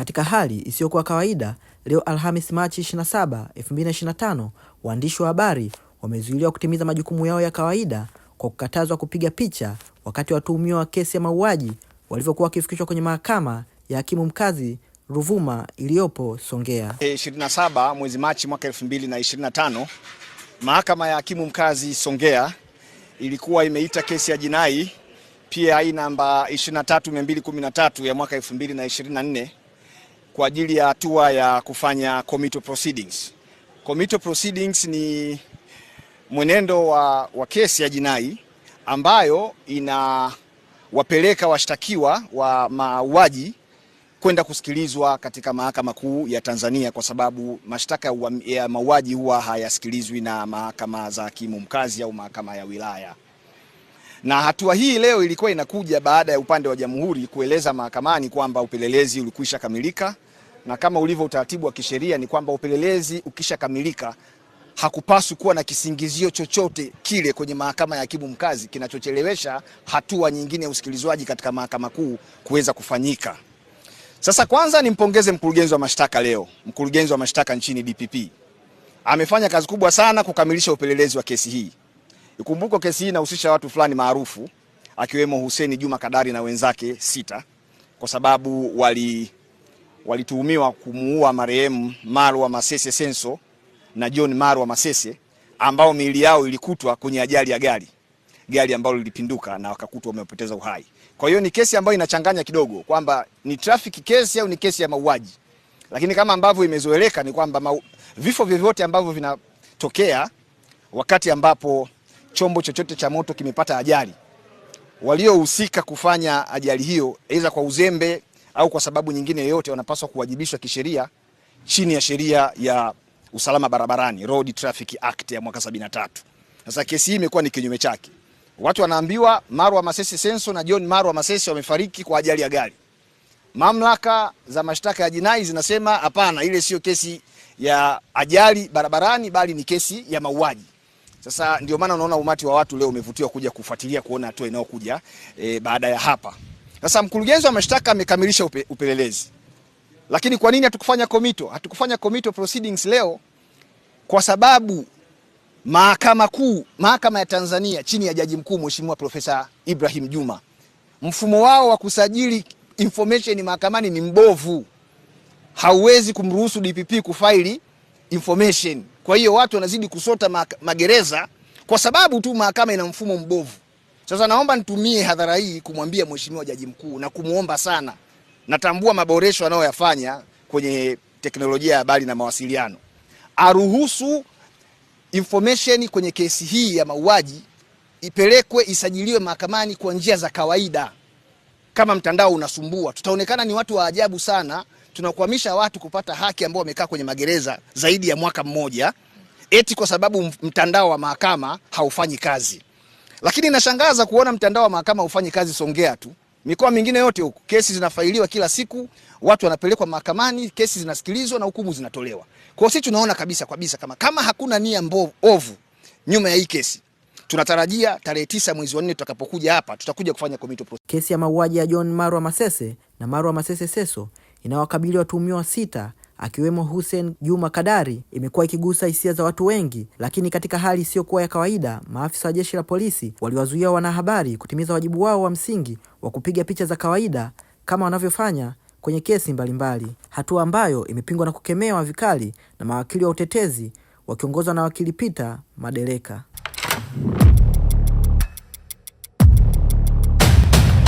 Katika hali isiyokuwa kawaida, leo Alhamis Machi 27, 2025, waandishi wa habari wamezuiliwa kutimiza majukumu yao ya kawaida kwa kukatazwa kupiga picha wakati watuhumiwa wa kesi ya mauaji walivyokuwa wakifikishwa kwenye mahakama ya hakimu mkazi Ruvuma iliyopo Songea. 27 e, mwezi Machi mwaka 2025, mahakama ya hakimu mkazi Songea ilikuwa imeita kesi ya jinai PI namba 23213 ya mwaka 2024 kwa ajili ya hatua ya kufanya committal proceedings. Committal proceedings ni mwenendo wa, wa kesi ya jinai ambayo inawapeleka washtakiwa wa mauaji kwenda kusikilizwa katika mahakama kuu ya Tanzania kwa sababu mashtaka ya mauaji huwa hayasikilizwi na mahakama za hakimu mkazi au mahakama ya wilaya na hatua hii leo ilikuwa inakuja baada ya upande wa jamhuri kueleza mahakamani kwamba upelelezi ulikwisha kamilika, na kama ulivyo utaratibu wa kisheria ni kwamba upelelezi ukisha kamilika hakupaswi kuwa na kisingizio chochote kile kwenye mahakama ya hakimu mkazi kinachochelewesha hatua nyingine ya usikilizwaji katika mahakama kuu kuweza kufanyika. Sasa kwanza nimpongeze mkurugenzi wa mashtaka leo, mkurugenzi wa mashtaka nchini DPP amefanya kazi kubwa sana kukamilisha upelelezi wa kesi hii. Ikumbukwe kesi hii inahusisha watu fulani maarufu akiwemo Hussein Juma Kadari na wenzake sita kwa sababu wali walituhumiwa kumuua marehemu Marwa Masese Senso na John Marwa Masese ambao miili yao ilikutwa kwenye ajali ya gari, gari ambalo lilipinduka na wakakutwa wamepoteza uhai. Kwa hiyo ni kesi ambayo inachanganya kidogo kwamba ni traffic case au ni kesi ya mauaji, lakini kama ambavyo imezoeleka ni kwamba vifo vyovyote ambavyo vinatokea wakati ambapo chombo chochote cha moto kimepata ajali, waliohusika kufanya ajali hiyo, aidha kwa uzembe au kwa sababu nyingine yoyote, wanapaswa kuwajibishwa kisheria chini ya sheria ya usalama barabarani, Road Traffic Act ya mwaka 73. Sasa kesi hii imekuwa ni kinyume chake. Watu wanaambiwa Marwa Masesi Senso na John Marwa Masesi wamefariki kwa ajali ya gari. Mamlaka za mashtaka ya jinai zinasema hapana, ile sio kesi ya ajali barabarani, bali ni kesi ya mauaji. Sasa ndio maana unaona umati wa watu leo umevutiwa kuja kufuatilia kuona hatua inayokuja e, baada ya hapa. Sasa mkurugenzi wa mashtaka amekamilisha upe, upelelezi. Lakini kwa nini hatukufanya komito? Hatukufanya komito proceedings leo kwa sababu Mahakama Kuu, Mahakama ya Tanzania chini ya Jaji Mkuu Mheshimiwa Profesa Ibrahim Juma, mfumo wao wa kusajili information mahakamani ni mbovu. Hauwezi kumruhusu DPP kufaili information. Kwa hiyo watu wanazidi kusota magereza kwa sababu tu mahakama ina mfumo mbovu. Sasa naomba nitumie hadhara hii kumwambia Mheshimiwa Jaji Mkuu na kumuomba sana, natambua maboresho anayoyafanya kwenye teknolojia ya habari na mawasiliano, aruhusu information kwenye kesi hii ya mauaji ipelekwe isajiliwe mahakamani kwa njia za kawaida. Kama mtandao unasumbua, tutaonekana ni watu wa ajabu sana tunakwamisha watu kupata haki ambao wamekaa kwenye magereza zaidi ya mwaka mmoja, eti kwa sababu mtandao wa mahakama haufanyi kazi. Lakini inashangaza kuona mtandao wa mahakama haufanyi kazi Songea tu, mikoa mingine yote huko kesi zinafailiwa kila siku, watu wanapelekwa mahakamani, kesi zinasikilizwa na hukumu zinatolewa. Kwa hiyo sisi tunaona kabisa kabisa kama kama hakuna nia mbovu ovu nyuma ya hii kesi tunatarajia tarehe tisa mwezi wa nne tutakapokuja hapa tutakuja kufanya committee. Kesi ya mauaji ya John Marwa Masese na Marwa Masese Seso inayowakabili watuhumiwa sita akiwemo Hussein Juma Kadari imekuwa ikigusa hisia za watu wengi, lakini katika hali isiyokuwa ya kawaida, maafisa wa jeshi la polisi waliwazuia wanahabari kutimiza wajibu wao wa msingi wa kupiga picha za kawaida kama wanavyofanya kwenye kesi mbalimbali, hatua ambayo imepingwa na kukemewa vikali na mawakili wa utetezi wakiongozwa na wakili Peter Madeleka.